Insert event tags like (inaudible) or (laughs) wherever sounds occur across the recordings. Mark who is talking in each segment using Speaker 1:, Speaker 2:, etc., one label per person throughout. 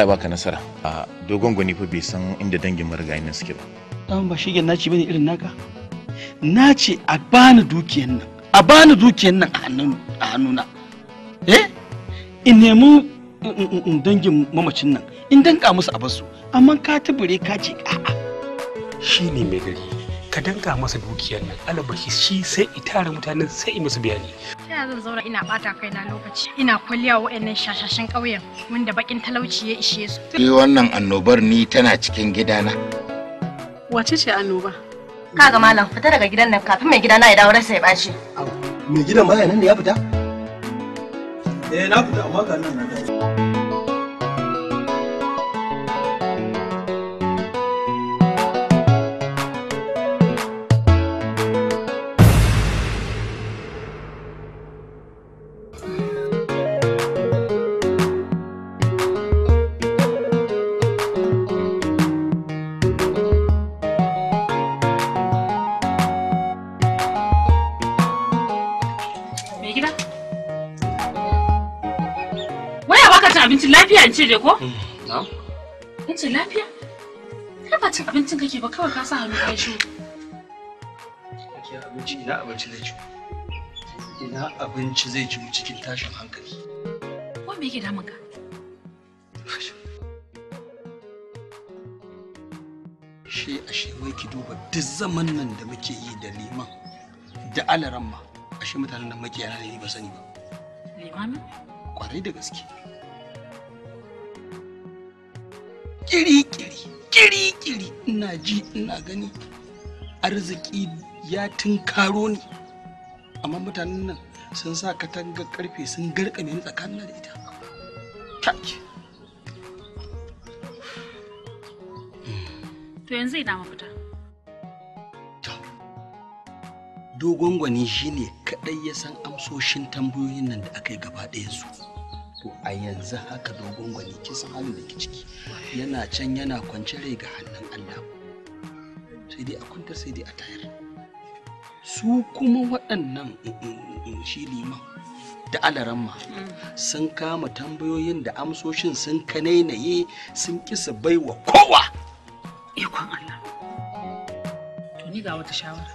Speaker 1: Allah ya baka nasara a dogon gwani fa bai san inda dangin marigayi nan suke ba
Speaker 2: dan ba shige naci bane irin naka nace a bani dukiyan nan a bani nan a na eh in nemi dangin mamacin nan in danka musu a basu amma ka tubure ka ce a'a shi ne mai gari ka danka masa dukiyar nan alabashi shi sai itara mutanen sai i musu bayani
Speaker 3: Ina zan zauna ina bata kaina lokaci ina kwalliya wa'annan shashashin ƙauyen wanda bakin talauci ya ishe su. Ke
Speaker 2: wannan annobar ni tana cikin gidana.
Speaker 3: Wace ce annoba? Kaga malam fita daga gidan
Speaker 1: nan kafin mai gidana ya dawo rasa ya ɓaci.
Speaker 2: Mai gidan baya nan da ya fita?
Speaker 1: Eh na fita amma ga nan na dawo.
Speaker 4: lafiya in cire ko? Mm, na'am. ce lafiya? Kai ba cin abincin kake ba kawai ka sa hannu kai shi.
Speaker 2: Kake abinci ina abinci zai ci. Ina abinci zai ci cikin tashin hankali.
Speaker 4: Ko me yake damun ka?
Speaker 2: Shi ashe wai ki duba duk zaman nan da muke yi da liman da alaran ma ashe mutanen nan makiyana ne ba sani ba. Liman? Kwarai da gaske. kiri-kiri kiri-kiri ina ji ina gani arziki ya tunkaro ni amma mutanen nan sun sa katangar karfe sun garkame ni tsakanin da ita
Speaker 4: to yanzu ina mafita
Speaker 2: dogon gwani shine kadai ya san amsoshin tambayoyin nan da aka yi gaba ɗaya su to a yanzu haka dogon gwani kisan halin da ke ciki yana can yana kwance rai ga hannun Allah sai dai a kwantar sai dai a tayar su kuma waɗannan mm, mm, mm, shi liman da alaramma sun kama tambayoyin da amsoshin sun kanainaye sun kisa baiwa kowa ikon Allah
Speaker 4: to ni ga wata shawara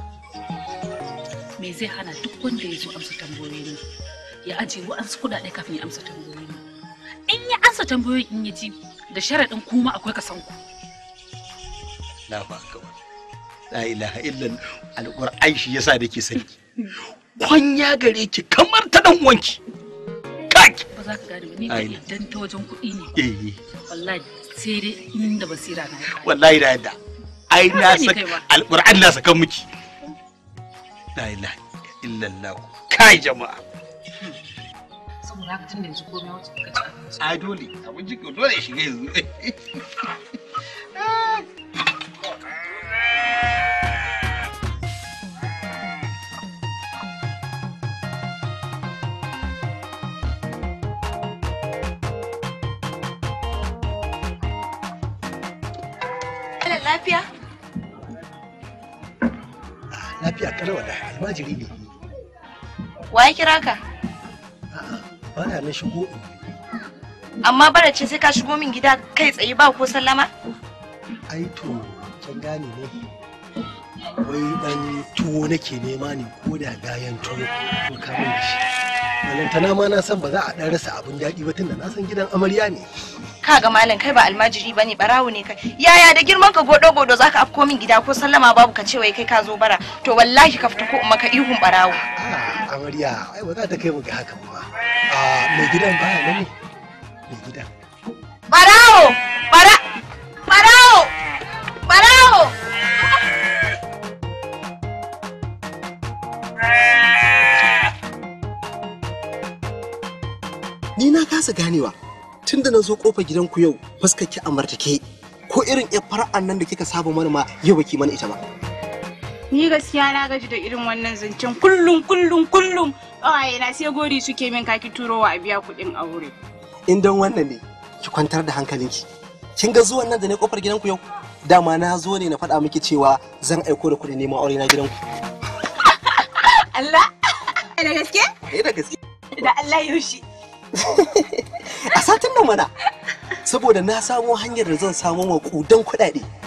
Speaker 4: me zai hana duk wanda ya zo amsa tambayoyin ya ajiye wa'ansu kuɗaɗe kafin ya amsa tambayoyi in ya amsa tambayoyi in ya ji da sharaɗin kuma akwai kasan ku
Speaker 2: la ba kawai la ilaha illa alquran shi yasa da ke sani ya gare ki kamar ta dan wanki
Speaker 4: kaki ba za ka gane ba ni da idan ta wajen kuɗi ne eh, eh. wallahi sai dai inda
Speaker 2: basira na wallahi da yadda ai na saka alƙur'an na saka miki la ilaha illallah kai jama'a
Speaker 4: saboda haka da yanzu komai
Speaker 2: A dole, dole ya shiga yanzu. lafiya? Lafiya almajiri ne.
Speaker 1: Wa ya kira ka?
Speaker 2: bara na shigo in
Speaker 1: amma bara ce sai ka shigo min gida kai tsaye ba ko sallama
Speaker 2: ai to kin gane ne wai dan tuwo nake nema ne ko da gayan tuwo ko ka min shi balantana ma na san ba za a dan rasa abin daɗi ba tunda na san gidan amarya ne
Speaker 1: Ka ga malam kai ba almajiri bane barawo ne kai yaya da girman ka godo godo zaka afko min gida ko sallama babu ka ce wai kai ka zo bara to wallahi ka fita ko umma ka ihun barawo
Speaker 2: amarya ai ba za ta kai mu ga hakan ba mai gidan ya nan mai gidan
Speaker 1: barawo bara barawo barawo
Speaker 2: ni na kasa ganewa tun da na zo kofa gidanku yau fuskar ki amartake ko irin yar fara'an nan da kika saba mana ma yau baki mana ita ba
Speaker 4: ni gaskiya na gaji da irin wannan zancen kullum kullum kullum ƙawaye na sai gori suke min kaki turowa a biya
Speaker 1: kuɗin aure
Speaker 2: in don wannan ne ki kwantar da hankalinki kin ga zuwan nan da ne kofar gidanku yau dama na zo ne na faɗa miki cewa zan aiko da kuɗi neman aure na gidanku
Speaker 4: (laughs) Allah
Speaker 2: da gaske eh da gaske da Allah yaushe (laughs) a satin nan mana saboda na samo hanyar da zan samo wa kudan kuɗaɗe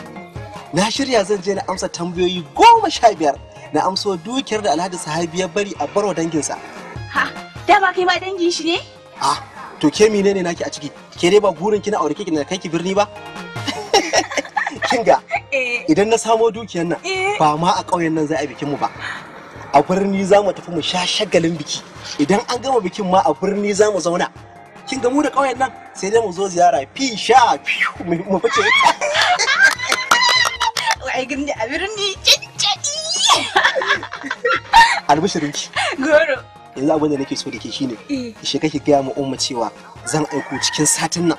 Speaker 2: na shirya zan je na amsa tambayoyi goma sha biyar na amsa dukiyar da alhaji sahabi ya bari a baro danginsa.
Speaker 4: Ha, da ba kai ma dangin shi ne?
Speaker 2: Ha, ah, to ke mine ne naki a ciki? Ke dai ba burin kina aure kike na kai ki birni ba? (laughs) Kinga, eh. idan na samo dukiyar nan eh. ba ma a ƙauyen nan za a bikin mu ba. A birni za mu tafi mu sha shagalin biki. Idan an gama bikin ma a birni za mu zauna. kinga mu da ƙauyen nan sai dai mu zo ziyara fi sha mu fice. (laughs) ai a birni
Speaker 4: (laughs)
Speaker 2: albishirin ki goro yanzu abin nake so da ke shine eh. shi kake gaya ma umma cewa zan aiko cikin satin nan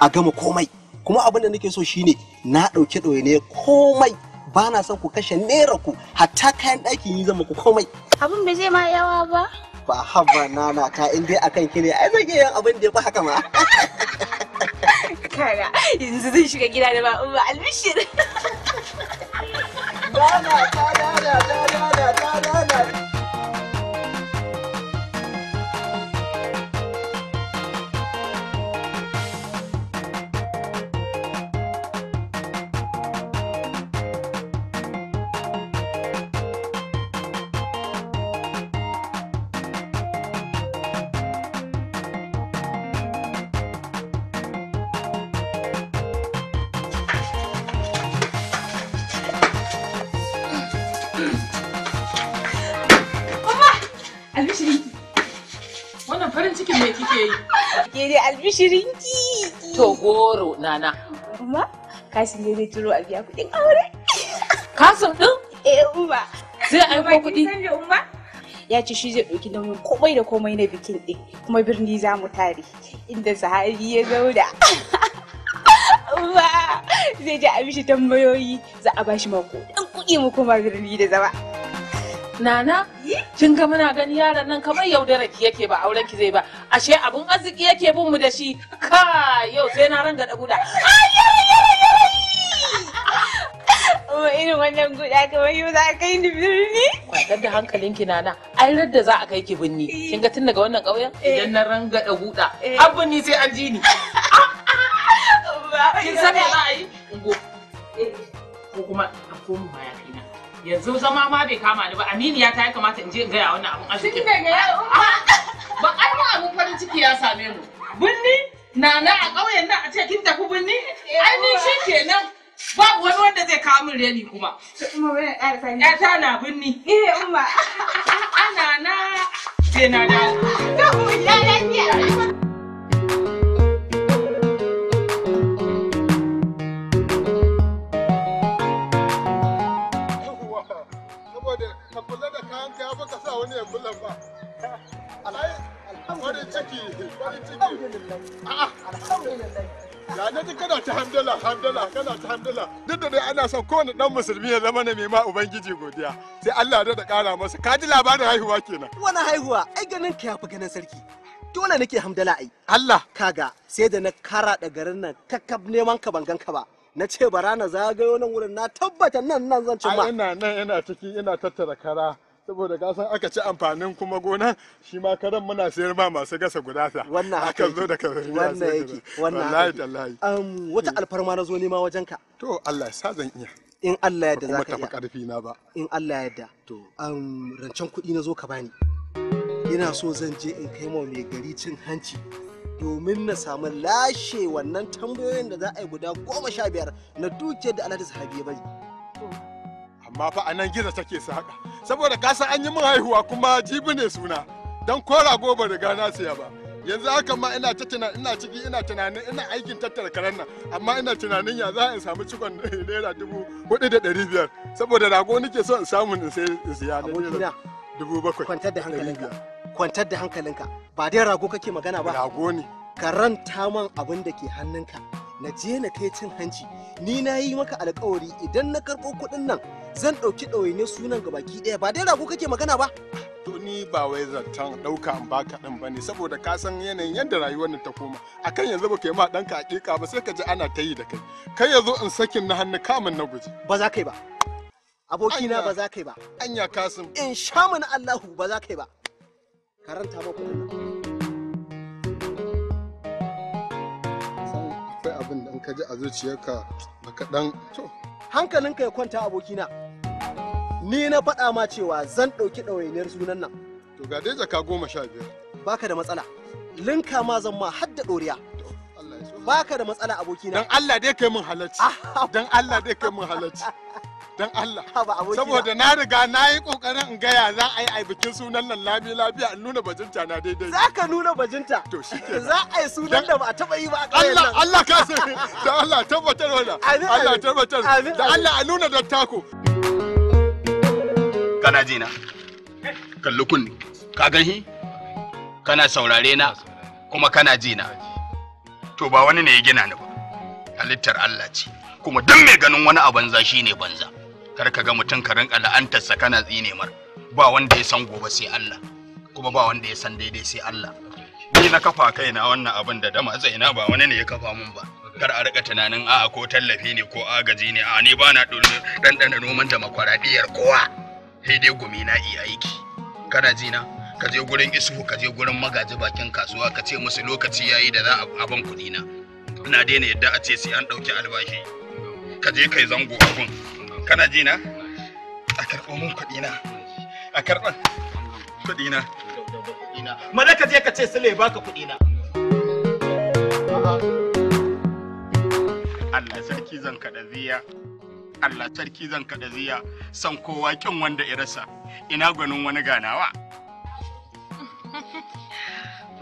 Speaker 2: a gama komai kuma abin da nake so shine na ɗauki ne komai ba na son ku kashe naira ku hatta kayan ɗakin yi zama ku komai abin bai zai ma yawa ba ba haba nana ta in dai akan ki ne ai zan iya yin abin da ya fi haka ma (laughs)
Speaker 4: kara yanzu zai shiga gida da ba albishir ba na Shirin ki to goro nana umma kasim ne zai turo a biya kuɗin aure kasim din eh uba. zai aiko kuɗi ya ce shi zai ɗauki nauyin komai da komai na bikin ɗin kuma birni za mu tare inda sahari ya zauna Uba (laughs) zai ji a mishi tambayoyi za a bashi mako ɗan kuɗi mu kuma birni da zama Nana, kin ga muna gani yaran nan kamar yaudarar ki yake ba auren ki zai ba, ashe abun arziki yake bin mu da shi ka yau sai na ranga da guda kuma (laughs) oh, irin wannan guda kamar yau za a kai ni birni. Kwatar da hankalinki nana, ai radda za a kai ki birni. Eh. Kin ga tun daga wannan ƙauyen? Eh. Idan na ranga da guda, har eh. ni sai an ji ni. (laughs) Kin san me za a yi? Ko kuma a koma baya kaina. Yanzu zama ma bai kama ni ba, Aminiya ta ya kamata in je in gaya wannan abun arziki. Kin ga ya (laughs) Bakar mu abin farin ciki ya same mu. Binni na a ƙauyen nan a ce kin tafi binni? Ai ni shi kenan. Babu wani wanda zai kawo min reni kuma. Ƴata na binni. Eh umma. Ana na na
Speaker 2: saboda ka kula da kayan ka ya baka sa wani ya ba. farin ciki farin ciki ya na kana ta hamdala hamdala kana ta hamdala duk da dai ana son kowane dan musulmi ya zama ne mai ma ubangiji godiya sai Allah da kara masa ka ji labarin haihuwa kenan wani haihuwa ai ganin ka yafi ganin sarki dole nake hamdala ai Allah kaga sai da na kara da garin nan kakkab neman ka bangan ka ba na ce bara na zagayo nan wurin na tabbata nan nan zan ci ma ina nan ina ciki ina tattara kara saboda ka san aka ci amfanin kuma gona shi ma karan muna sayar ba masu gasa guda ta. wannan haka zo da ka wannan yake wannan wallahi tallahi um wata hmm. alfarma na zo nema wajen ka to Allah ya sa zan iya in Allah ya yarda zaka iya kuma karfi na ba in Allah ya yarda to um rancen kuɗi na zo ka bani ina so zan je in kai ma mai gari cin hanci domin na samu lashe wannan tambayoyin da za a yi guda goma sha biyar na dukiyar da ta Sahabi ya bari amma fa a nan gizo take haka saboda ka san an yi min haihuwa kuma jibi ne suna dan ko rago ba riga na siya ba yanzu haka ma ina ta ina ciki ina tunanin ina aikin tattara karen nan amma ina tunanin ya za in samu cikon (laughs) naira dubu hudu da dari biyar saboda rago nake so in samu in sai in siya na dubu bakwai kwantar da hankalinka kwantar da hankalinka ba dai rago kake magana ba rago ne ka ranta man abin da ke hannunka na je na kai cin hanci ni na yi maka alkawari idan na karɓo kuɗin nan zan ɗauki ɗawaine sunan ga baki ɗaya ba dai rago kake magana ba to ni ba wai zantan ɗauka an baka ɗin ba ne saboda ka san yanayin yadda rayuwar nan ta koma akan yanzu ba kai ma ɗanka hakika ba sai ka ji ana ta yi da kai kai ya zo in sakin na hannu kamun na guji ba za kai ba abokina ba za kai ba anya kasim in sha mana allahu ba za kai ba karanta ma kuma abin da in ka ji a zuciyarka da kaɗan to hankalinka ya kwanta abokina ni na faɗa ma cewa zan ɗauki ɗawainiyar sunan nan to ga dai jaka goma sha biyar baka da matsala linka ma zan ma hadda ɗoriya baka da matsala abokina dan Allah dai kai mun halacci ah, dan Allah dai kai min halacci (laughs) don Allah saboda na riga na yi kokarin in gaya za a yi a bikin sunan nan lami lafiya in nuna bajinta na daidai za ka nuna bajinta to shi ke za a yi sunan da ba a taba yi ba a kai Allah Allah ka sani da Allah tabbatar wala Allah tabbatar da Allah a nuna da tako kana ji na kalli kunni ka ganhi kana saurare na kuma kana ji na to ba wani ne ya gina ni ba halittar Allah ce kuma don mai ganin wani a banza shine banza kar ka ga mutum ka rinka la'antarsa kana tsine mar ba wanda ya san gobe sai Allah kuma ba wanda ya san daidai sai Allah ni na kafa kaina wannan abin da dama zaina ba wani ne ya kafa mun ba kar a rika tunanin a'a ko tallafi ne ko agaji ne a ni ba na ɗanɗana noman makwaradiyar kowa sai dai gumi na iya aiki kana ji na ka je gurin isufu ka je gurin magaji bakin kasuwa ka ce musu lokaci yayi da za a ban kuɗi na na daina yadda a ce sai an dauki albashi ka je kai zango abun kana ji na a karɓo mun kuɗi na a karɓar kuɗi na malaka ka je ka ce sule baka kuɗi na Allah sarki zan kaɗa ziya Allah sarki zan kaɗa ziya san kowa kin wanda irasa ina gwanin wani ganawa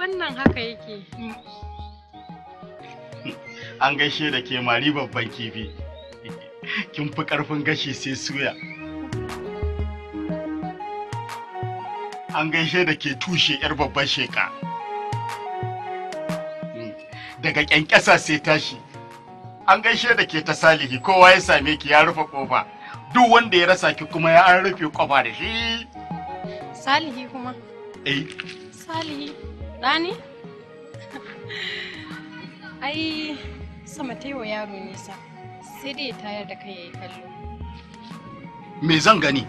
Speaker 3: wannan haka yake
Speaker 2: an gaishe da ke mari babban kifi kin fi karfin gashi sai suya an gaishe da ke tushe 'yar babban sheka daga kyankyasa sai tashi an gaishe da ke ta salihi kowa ya same ki ya rufe kofa duk wanda ya rasa ki kuma ya an rufe kofa da shi
Speaker 3: salihi kuma eh salihi dani (laughs) ai sama taiwa yaro nisa sai dai tayar da kai yayi kallo
Speaker 2: me zan gani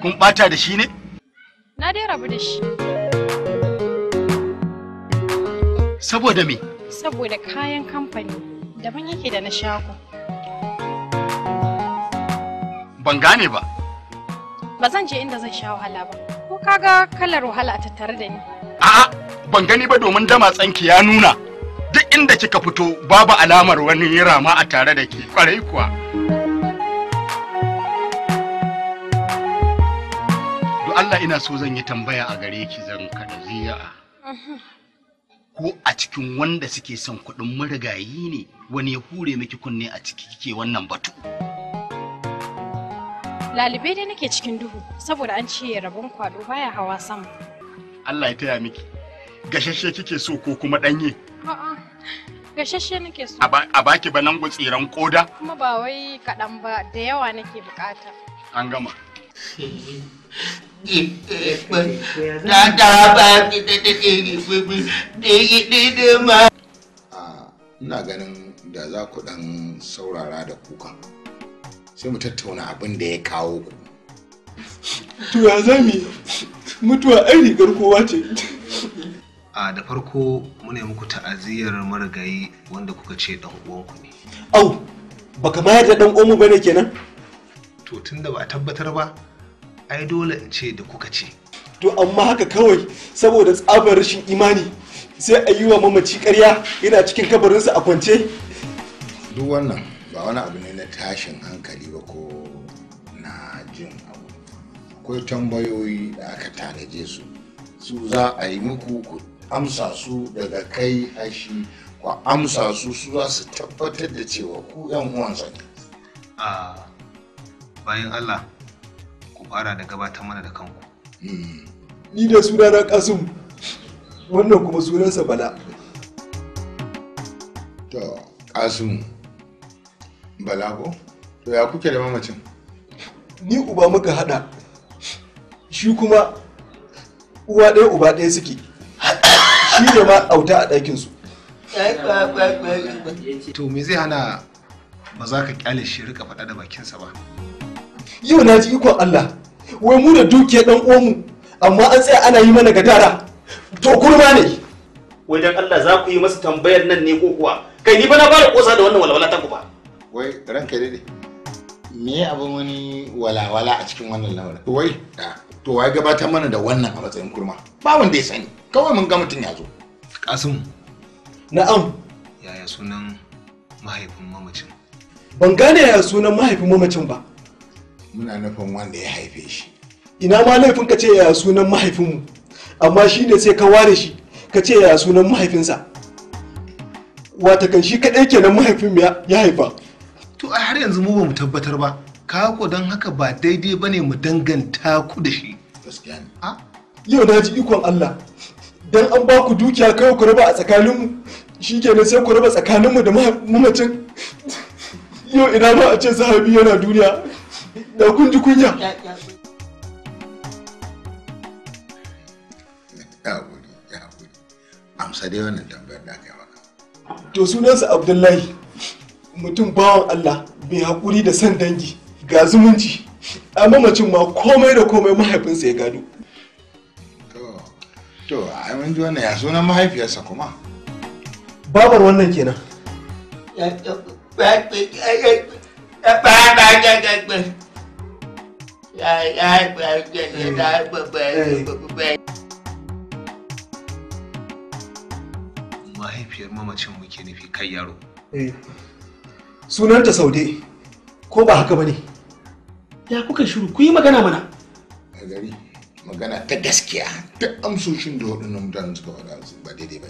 Speaker 2: kun bata da shi ne
Speaker 3: na dai rabu da shi saboda me saboda kayan kamfani daban yake da na shago ban gane ba ba zan je inda zan sha wahala ba ko kaga kalar wahala a tattare da ni
Speaker 2: a'a ban gani ba domin dama tsanki ya nuna inda kika fito babu alamar wani rama a tare da ke kwarai kuwa Allah ina so zan yi tambaya a gare ki zan kada ko a cikin wanda suke son kuɗin marigayi ne wani ya hure miki kunne a ciki kike wannan batu
Speaker 3: lalibe dai nake cikin duhu saboda an ce rabon kwado baya hawa sama
Speaker 2: Allah ya taya miki gashashe kike so ko kuma ɗanye
Speaker 3: Gashashe nake so. A
Speaker 2: baki banan gutsiran koda?
Speaker 3: Kuma ba wai kaɗan ba da yawa nake bukata.
Speaker 2: An gama. (laughs) Ah, ina ganin da za ku ɗan saurara da kuka, sai mu tattauna abin da ya kawo ku. Tuya zami mutuwa ai rigar kowa ce. a da farko muna muku ta'aziyar marigayi wanda kuka ce dan uwanku ne au baka mayar da ɗan uwanmu bane kenan to tunda ba a tabbatar ba ai dole in ce da kuka ce to amma haka kawai saboda tsabar rashin imani sai a yi wa mamaci ƙarya yana cikin kabarinsa a kwance duk wannan ba wani abu ne na tashin hankali ba ko na jin abu akwai tambayoyi da aka tanaje su su za a yi muku amsa su daga kai hashi ku amsa su su za su tabbatar da cewa ku yan uwansa ne a bayan allah ku fara da gabatar mana da kanku hmm. ni da sunana kasum wannan kuma sunansa bala to kasum bala ko to ya kuke da mamacin ni uba muka hada shi kuma uwa ɗaya uba ɗaya suke shi ne ma auta a ɗakin su to me zai hana ba za ka kyale shi rika faɗa da bakinsa ba yau na ji ikon Allah wai mu da duke dan uwanmu amma an tsaya ana yi mana gadara to kurma ne wajen Allah za ku yi masa tambayar nan ne ko kuwa kai ni ba na fara kosa da wannan walwala ta ku ba wai ranka dai me abu wani walawala a cikin wannan lamarin wai to wai gabatar mana da wannan a matsayin kurma ba wanda ya sani kawai mun ga mutum ya zo kasim na'am yaya sunan mahaifin mamacin ban gane yaya sunan mahaifin mamacin ba muna nufin wanda ya haife shi ina ma laifin ka ce yaya sunan mahaifinmu amma shi ne sai ka ware shi ka ce yaya sunan mahaifinsa wata kan shi kaɗai kenan mahaifin ya haifa to a har yanzu mu ba mu tabbatar ba kako don haka ba daidai ba ne mu danganta ku da shi ah? yau na ji ikon Allah dan an ba ku dukiya kawai ku raba a tsakaninmu shi kenan sai ku raba tsakaninmu da mamacin yau ina ma a ce sahabi yana duniya da kun ji kunya amsa dai wannan tambayar da aka yi maka to sunansa abdullahi mutum bawan allah bai haƙuri da san dangi ga zumunci a mamacin ma komai da komai mahaifinsa ya gado to ai mun ji wannan ya sunan mahaifiyarsa kuma babar wannan kenan mahaifiyar mamacin muke nufi kai yaro eh. sunanta saude ko ba haka ba ne ya kuka shiru ku yi magana mana a gari magana ta gaskiya ta amsoshin da waɗannan mutanen suka faɗa ba daidai ba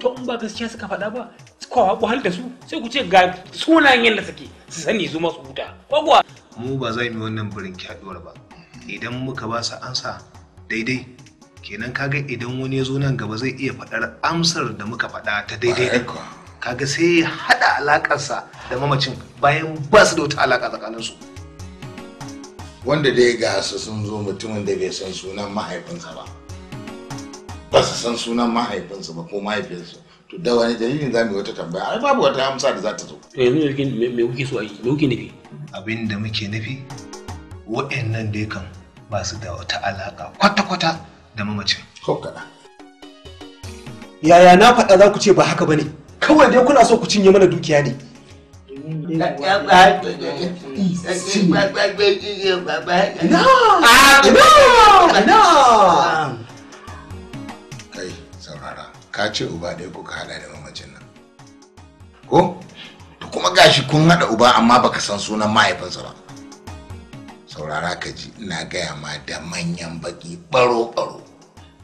Speaker 2: to in ba gaskiya suka faɗa ba kowa ku da su sai ku ce ga sunayen yadda suke su sani su huta kwakwa mu ba za mu yi wannan birin kyaɗuwar ba idan muka ba su ansa daidai kenan kaga idan wani ya zo nan gaba zai iya faɗar amsar da muka faɗa ta daidai kaga sai ya a alakarsa da mamacin bayan ba su da wata alaka tsakaninsu wanda dai ga su sun zo mutumin da bai san sunan mahaifinsa ba ba su san sunan mahaifinsa ba ko mahaifinsa. to da wani dalilin za mu yi wata tambaya ai babu wata amsa da za ta zo yanzu me kuke so a me kuke nufi abin da muke nufi wa'annan dai kan ba su da wata alaka kwata-kwata da mamacin ko kaɗan yaya na faɗa za ku ce ba haka ba ne kawai dai kuna so ku cinye mana dukiya ne kai ka ce uba ɗaya kuka hada da mamacin nan ko to kuma gashi kun hada uba amma baka san sunan mahaifinsa ba saurara ka ji ina gaya ma da manyan baki baro-baro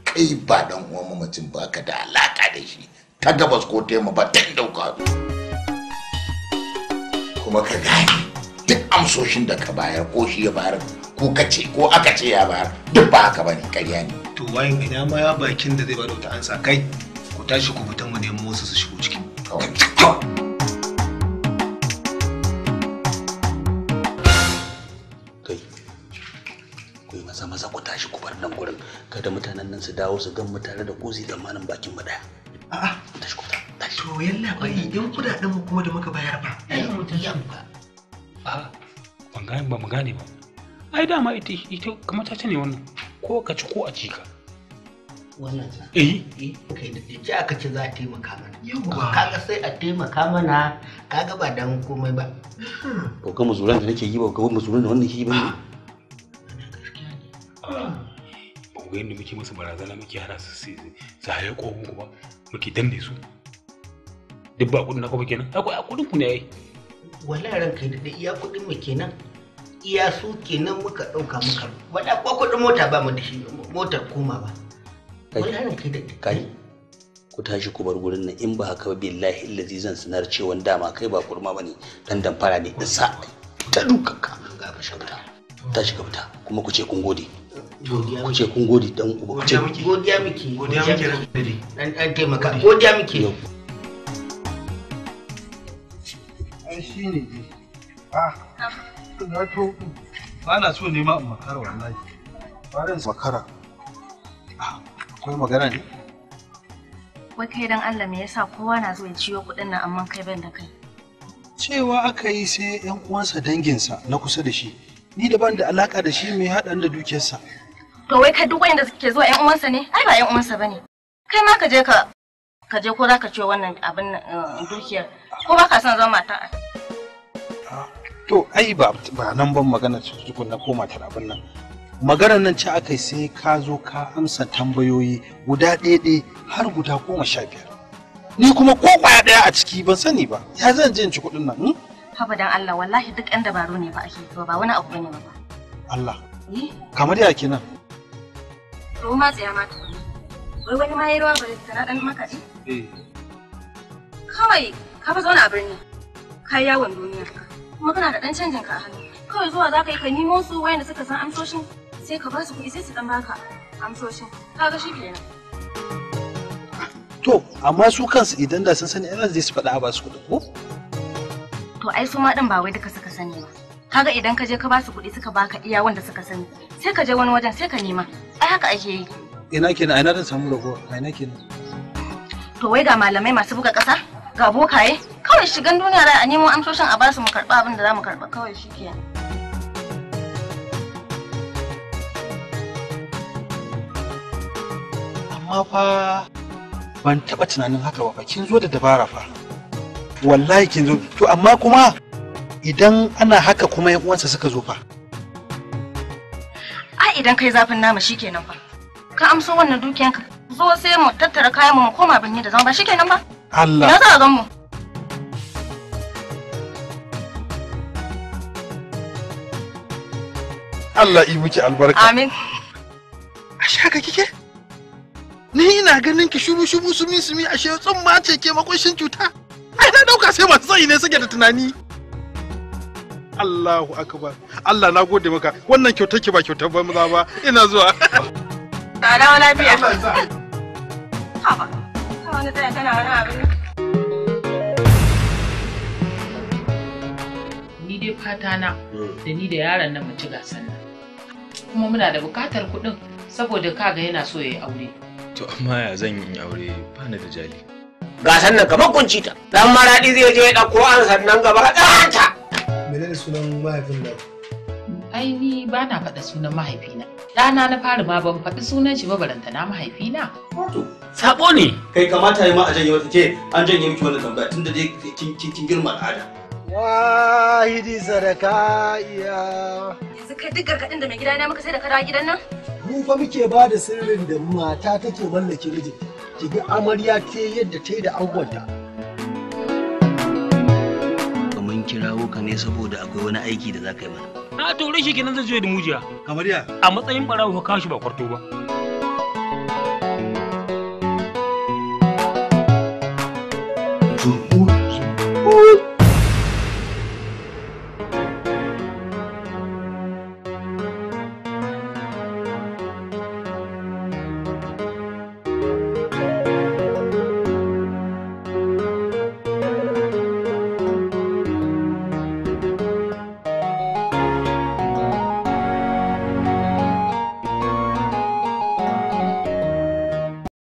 Speaker 2: kai ba dan uwan mamacin ba ka da alaka da shi ta gabas ko ta yamma ba ta dauka kuma ka gane duk amsoshin da ka bayar ko shi ya bayar ko ka ce ko aka ce ya bayar duk ba haka ne karya ne to wayan ina ma ya bakin da zai bada ansa kai ku tashi ku fita mu nemo su su shigo ciki maza maza ku tashi ku bar nan gurin kada mutanen nan su dawo su gan mu tare da kozi da bakin mu ɗaya. a'a to yalla bai yan kudaden mu kuma da muka bayar ba ai mutum ba a ban gane ba mu gane ba ai dama ita ita kamar ta ne wannan ko ka ci ko a ci ka wannan sa eh, eh kai da ce aka ce za a taimaka mana yawa kaga sai a taimaka mana kaga ba dan komai ba ko ka musulun da nake yi ba ko musulun da wannan ke yi ba ga yadda muke masa barazana muke hana su su haye ƙogun ba muke danne su duk ba kudin na kuma kenan akwai a kudin ku ne yayi wallahi ranka da iya kudin mu kenan iya su kenan muka dauka muka wala ko kudin mota ba mu da shi motar koma ba wallahi ranka da kai ku tashi ku bar gurin nan in ba haka ba billahi illazi zan sanar cewa dama kai ba kurma bane dan damfara ne da sa ta duka ka ga ba ta tashi ka fita kuma ku ce kun gode ku ce kun gode dan uba ku ce godiya muke godiya muke dan dan taimaka godiya muke ai shi ne ah zato ba na so nema in makara wallahi barin makara ah, akwai magana ne
Speaker 1: wai kai dan Allah me yasa kowa na zo ya ciyo kuɗin nan amma kai ban da kai
Speaker 2: cewa aka yi sai yan uwansa danginsa na kusa da shi ni da ban da alaka da shi mai haɗan da dukiyarsa
Speaker 1: to wai kai duk wanda suke zuwa yan uwansa ne ai ba yan uwansa bane kai ma ka je ka ka je ko za ka ciyo wannan abin eh, dukiyar ko ba ka son zama mata
Speaker 2: to ai ba ba nan ban magana tukun na koma tarabin nan maganar nan ce aka sai ka zo ka amsa tambayoyi guda ɗaya har guda goma sha biyar ni kuma ko kwaya ɗaya a ciki ban sani ba ya zan je in ci kuɗin nan hmm?
Speaker 1: haba dan Allah wallahi duk ɗan dabaru ne ba ake ba wani abu ne ba Allah eh?
Speaker 2: kamar ya nan.
Speaker 1: to ma tsaya ma wai wani ma ruwa ba tana dan maka eh kawai ka fa zauna a birni kai yawon duniya kuma kana da ɗan canjin ka a hannu kawai zuwa za ka yi ka nemo su wayanda suka san amsoshin sai ka ba su kuɗi sai su ɗan baka amsoshin ga shi kenan
Speaker 2: to amma su kansu idan da sun sani ina zai su faɗa a ba su kuɗi ko
Speaker 1: to ai su ma ɗin ba wai duka suka sani ba kaga idan ka je ka ba su kuɗi suka baka iya wanda suka sani sai ka je wani wajen sai ka nema ai haka ake yi
Speaker 2: ina kenan ina zan samu a ina kenan
Speaker 1: to wai ga malamai masu buga ƙasa ga bokaye kawai shigan duniya da a nemo amsoshin a basu mu karɓa abin da za mu karɓa kawai shi ke
Speaker 2: amma fa ban taɓa tunanin haka ba kin zo da dabara fa wallahi kin zo to amma kuma idan ana haka kuma yan uwansa suka zo fa
Speaker 1: ai idan kai zafin nama shikenan fa ka amso wannan dukiyanka zo sai mu tattara kayan mu koma binne da zama ba shikenan ba Allah. Ina za a gan mu?
Speaker 2: Allah yi miki albarka. Amin. A shaka kike? Ni ina ganin ki shubu shubu sumi sumi ashe ma ce ke makwashin cuta. Ai na dauka sai masu tsayi ne suke da tunani. Allahu akbar. Allah na gode maka. Wannan kyautar ki ba kyautar banza ba. Ina zuwa.
Speaker 1: Tsara lafiya. Haba. wani tsaya kana wani
Speaker 4: ni dai fata na hmm. da ni da yaron nan mu ci gasan nan kuma muna da bukatar kuɗin saboda kaga yana so ya yi aure
Speaker 2: to amma ya zan yi aure ba na da jali gasan nan kamar kunci ta dan maradi zai je ya dauko an sannan gaba ɗanta menene sunan mahaifin nan
Speaker 4: ai ni ba na faɗa sunan mahaifina. Dana na fari ma ban faɗi sunan shi ba barantana na mahaifina. Wato,
Speaker 2: sabo ne. Kai kamata yi ma a janye wata ke an janye miki wannan tambaya tun da kin girma al'ada.
Speaker 1: Wahidi sadaka iya. Yanzu kai duk gargaɗin da mai gida na muka sai da kada gidan nan?
Speaker 2: Mu fa muke ba da sirrin da mata take mallake mijin. Ki ga amarya ke yadda ta yi da angonta. kirawo ka ne saboda akwai wani aiki da za ka yi mana. na tore shi kenan zai zo da mujiya kamar ya a matsayin barawo ka kashi ba kwarto ba